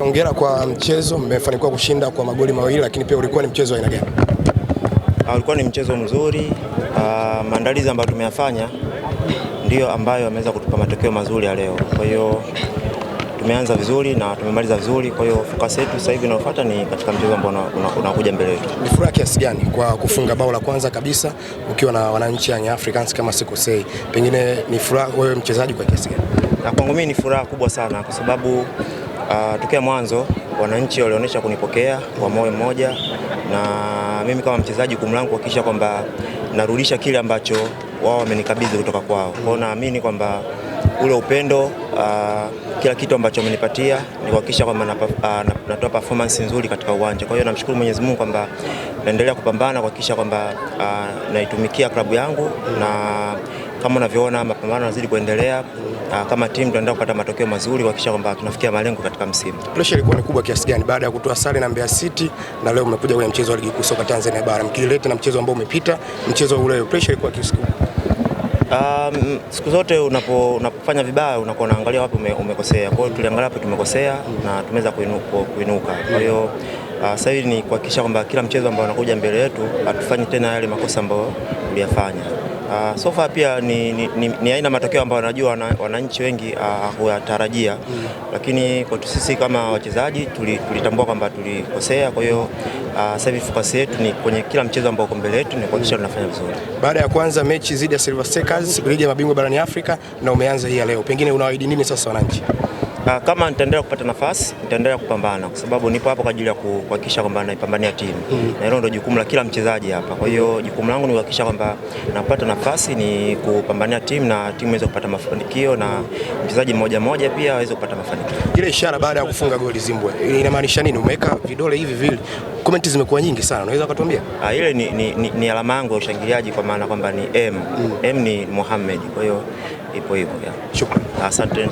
Hongera kwa mchezo, mmefanikiwa kushinda kwa magoli mawili, lakini pia ulikuwa ni mchezo wa aina gani? Ah, ulikuwa ni mchezo mzuri. Ah, maandalizi ambayo tumeyafanya ndiyo ambayo yameweza kutupa matokeo mazuri ya leo. Kwa hiyo tumeanza vizuri na tumemaliza vizuri, kwa hiyo focus yetu sasa hivi inayofuata ni katika mchezo ambao unakuja mbele yetu. Ni furaha kiasi gani kwa kufunga bao la kwanza kabisa ukiwa na wananchi Young Africans kama sikosei? Pengine ni furaha wewe mchezaji kwa kiasi gani? Na kwangu mimi ni furaha kubwa sana kwa sababu Uh, tokea mwanzo wananchi walionyesha kunipokea kwa moyo mmoja, na mimi kama mchezaji kumlangu kuhakikisha kwamba narudisha kile ambacho wao wamenikabidhi kutoka kwao. Kwao naamini kwamba ule upendo uh, kila kitu ambacho amenipatia ni kuhakikisha kwamba ah, natoa performance nzuri katika uwanja. Kwa hiyo namshukuru Mwenyezi Mungu kwamba naendelea kupambana kuhakikisha kwamba uh, naitumikia klabu yangu na kama unavyoona mapambano yanazidi kuendelea, uh, kama timu tunaenda kupata matokeo mazuri kuhakikisha kwamba tunafikia malengo katika msimu. Pressure ilikuwa ni kubwa kiasi gani baada ya kutoa sare na Mbeya City na leo umekuja kwenye mchezo wa ligi kuu soka Tanzania bara mkileta na mchezo ambao umepita, mchezo ule pressure ilikuwa kiasi gani? Um, siku zote unapo, unapofanya vibaya unakuwa unaangalia wapi ume, umekosea. Kwa hiyo tuliangalia wapi tumekosea na tumeweza kuinuka. Kwa hiyo Uh, sasa hivi ni kuhakikisha kwamba kila mchezo ambao unakuja mbele yetu hatufanyi tena yale makosa ambayo uliyafanya. Uh, so far pia ni, ni, ni, ni aina matokeo ambayo najua wananchi wengi uh, huyatarajia mm. Lakini kwetu sisi kama wachezaji tulitambua kwamba tulikosea, kwa hiyo uh, sasa hivi yetu ni kwenye kila mchezo ambao uko mbele yetu ni kuhakikisha tunafanya vizuri. Baada ya kuanza mechi dhidi ya Silver Strikers, ligi ya mabingwa barani Afrika, na umeanza hii ya leo, pengine unawaahidi nini sasa wananchi? Ah, kama nitaendelea kupata nafasi, nitaendelea kupambana kwa sababu nipo hapo kwa ajili ya kuhakikisha kwamba naipambania timu mm. na hilo ndio jukumu la kila mchezaji hapa. Kwa hiyo jukumu langu ni kuhakikisha kwamba napata nafasi ni kupambania timu na timu iweze kupata mafanikio na mchezaji mmoja mmoja pia aweze kupata mafanikio. Ile ishara baada ya kufunga goli Zimbwe inamaanisha nini? Umeweka vidole hivi vile, komenti zimekuwa nyingi sana, unaweza kutuambia? Ah, ile ni, ni, ni, ni alama yangu ya ushangiliaji kwa maana kwamba ni M. Mm. M ni Mohamed, kwa hiyo ipo hivyo. Shukrani, asante.